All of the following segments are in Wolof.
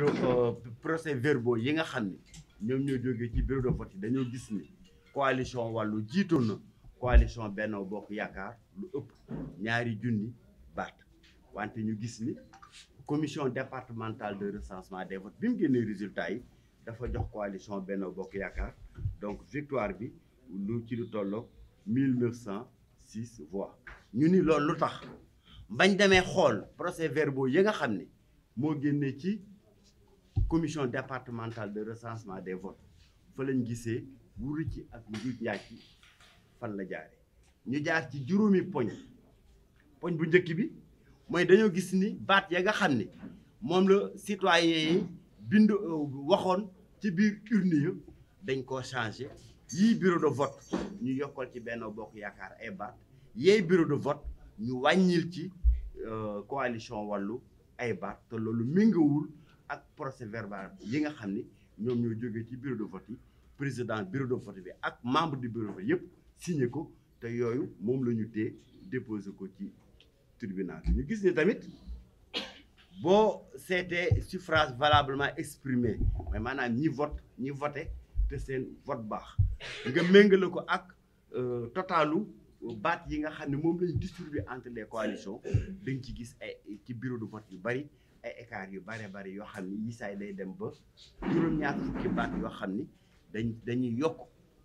Euh, procès verbaux yi nga xam ni ñoom ñoo jógee ci bureau de vote dañoo gis ni coalition wàllu jiitoon na coalition Benno Bokk Yaakaar lu ëpp ñaari junni baat wante ñu gis ni commission départementale de recensement des votes bi mu génnee résultat yi dafa jox coalition Benno Bokk Yaakaar donc victoire bi lu ci lu tolloog mille neuf cent six voix ñu ni lool lu tax bañ demee xool procès verbaux yi nga xam ni moo génnee ci commission départementale de recensement des votes fa lañ gisee wuru ci ak njuuj njaaj ci fan la jaare ñu jaar ci juróomi poñ poñ bu njëkk bi mooy dañoo gis ni baat ya nga xam ni moom la citoyen yi bind euh, waxoon ci biir urne dañ ko changé yii bureau de vote ñu yokkal ci benn Bokk Yaakaar ay baat yee bureau de vote ñu wàññil ci euh, coalition wàllu ay baat te loolu méngawul ak procès verbal yi nga xam ni ñoom ñoo jógee ci bureau de vote yi président bureau de vote bi ak membre du bureau yëpp signé ko te yooyu moom la ñu tee déposé ko ci tribunal ñu gis ni tamit boo seetee suffrage valablement exprimé mais maanaam ñi vote ñi voté te seen vote baax nga méngale ko ak euh, totalu baat yi nga xam ne moom lañu distribué entre les coalitions dañ ci gis ay ci bureau de vote yu bari ay écart yu bare bari yoo xam ni yi saay day dem ba juróom-ñaar fukki baat yoo xam ni dañ dañuy yokk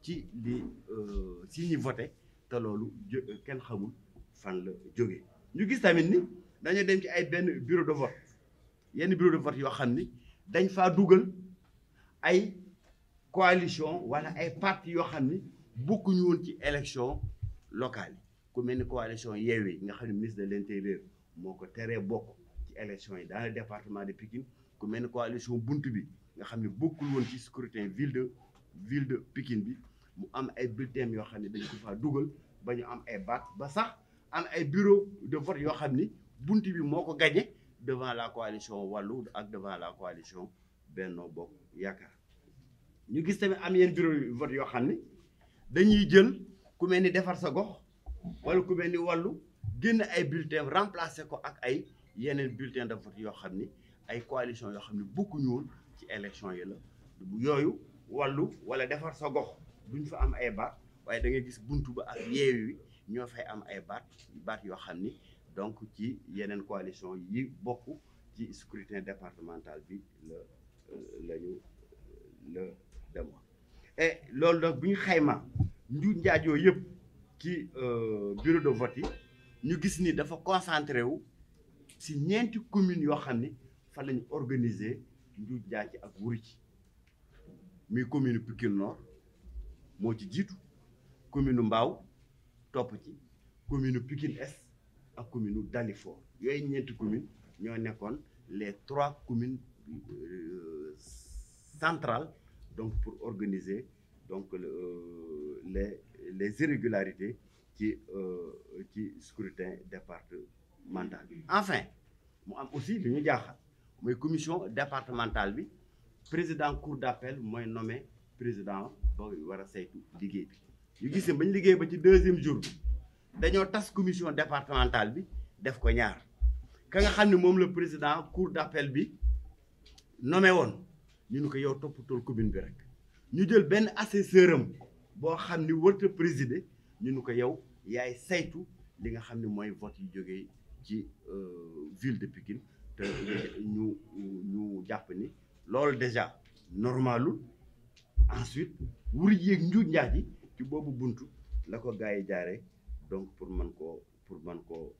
ci li si euh, ñi voté te loolu euh, kenn xamul fan la jóge ñu gis tamit ni dañoo dem ci ay benn bureau de vote yenn bureau de vote yoo xam ni dañ faa dugal ay coalition wala ay parti yoo xam ni bokkuñu woon ci élection locale yi ku mel ni coalition Yewwi nga xam ne ministre de l'intérieur moo ko teree bokk ci élection yi dans le département de Pikine ku mel ni coalition bunt bi nga xam ne bokkul woon ci scrutin ville de ville de bi mu am ay bulletins yoo xam ne dañ ko dugal ba ñu am ay baat ba sax am ay bureau de vote yoo xam ni bunt bi moo ko gagné devant la coalition wàllu ak devant la Benno Bokk gis tamit am yenn bureau vote yoo xam ne dañuy jël ku mel ni defar sa gox wala ku mel ni wàllu génn ay bulletins remplacé ko ak ay yeneen bulletin de vote yoo xam ni ay coalition yoo xam ne bokkuñu ñuul ci élection yi la yooyu wàllu walla defar sa gox duñ fa am ay baat waaye da ngay gis buntu ba ak yeewi ñoo fay am ay baat baat yoo xam ni donc ci yeneen coalition yi bokk ci scrutin départemental bi la euh, la la demoon et loolu nag bu ñu xayma nju njaajoo yëpp ci euh, bureau de vote yi ñu gis ni dafa concentré wu si ñeenti communes yoo xam ne fa lañu organiser njuuj njaaj ci ak wuru ci muy commune Pikine Nord moo ci jiitu commune Mbao topp ci commune Pikine Est ak commune Dalifort yooyu ñeenti communes ñoo nekkoon les trois communes euh, centrales donc pour organiser donc euh, les les irrégularités ci ci euh, scrutin départemental mandat bi enfin mu am aussi lu ñu jaaxal mooy commission départementale bi président cour d'appel mooy nommé président ba war a saytu liggéey bi ñu gis ne liggéey ba ci deuxième jour bi dañoo tas commission départementale bi def ko ñaar ka nga xam ne moom la président cour d'appel bi nommé woon ñu ne ko yow toppatoo commune bi rek ñu jël benn assesseur am boo xam ni wërta présider ñu ne ko yow yaay saytu li nga xam ne mooy vote yu jógee ci euh, ville de Pikine te ñu jàpp ni loolu déjà normalul ensuite wuri yéeg njuuj njaaj yi ci boobu buntu la ko gars yi jaaree donc pour man koo pour man ko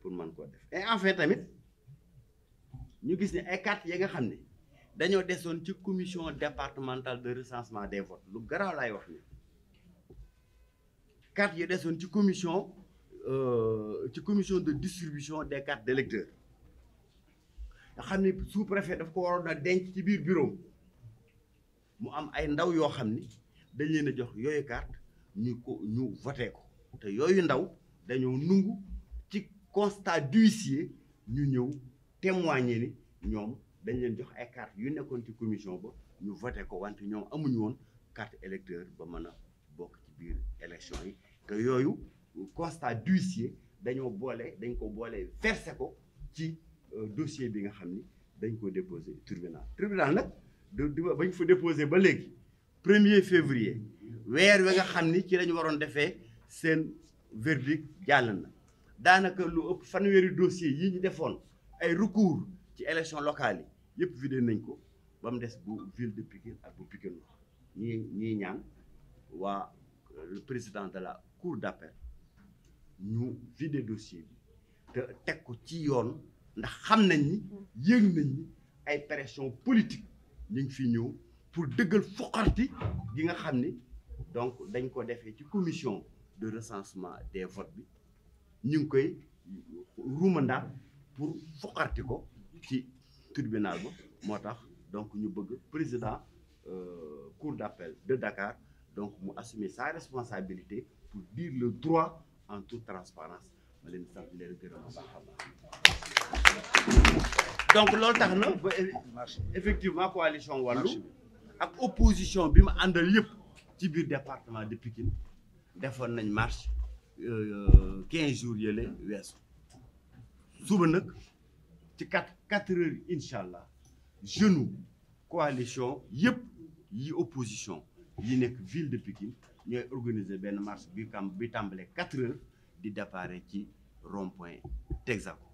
pour man koo def en enfin tamit ñu gis ni ay cartes yi nga xam ni dañoo desoon ci commission départementale de recensement des votes lu garaaw laay wax ni cartes yi desoon ci commission Euh, ci commission de distribution des cartes d'électeurs xam ne sous-préfet daf ko waroon a denc ci biir bureau mu am ay ndaw yoo xam ni dañ leen a jox yooyu carte ñu ko ñu voté ko te yooyu ndaw dañoo nungu ci constat d'huissier ñu ñëw témoigner ni ñoom dañ leen jox ay carte yu nekkoon ci commission ba ñu voté ko wante ñoom amuñu woon carte électeur ba mën a bokk ci biir élection yi te yooyu constat yi dañoo boole dañ ko boole versé ko ci euh, dossier bi nga xam ni dañ ko déposé tribunal tribunal nag ba ñu fa déposé ba léegi premier février weer wi nga xam ni ci lañu waroon defee seen verdict jàll na daanaka lu ëpp fanweeri dossier yi ñu defoon ay recours ci élection locale yi yëpp vidé nañ ko ba mu des bu ville de Pikine ak bu Pikine ñi ñaan waa euh, le président de la cour d'appel ñu vider dossier bi te teg ko ci yoon ndax xam nañ ni yëg nañ ni ay pression politique ñu ngi fi ñëw pour dëggal foqarti gi nga xam ni donc dañ ko defee ci commission de recensement des votes bi ñu ngi koy ruumandaat pour foqarti ko ci tribunal ba moo tax donc ñu bëgg président euh, cour d'appel de Dakar donc mu assumer sa responsabilité pour dire le droit en toute transparence ma donc loolu tax na effectivement coalition wàllu ak opposition bi ma àndal yëpp ci biir département de Pikine defoon nañ marche euh, quinze jours yële weesu suba nag ci quatre quatre heures incha allah genou coalition yëpp yi opposition yi nekk ville de Pikine ñooy organiser benn marche bi kam bi tàmbalee quatre heures di départ ci rond point Texaco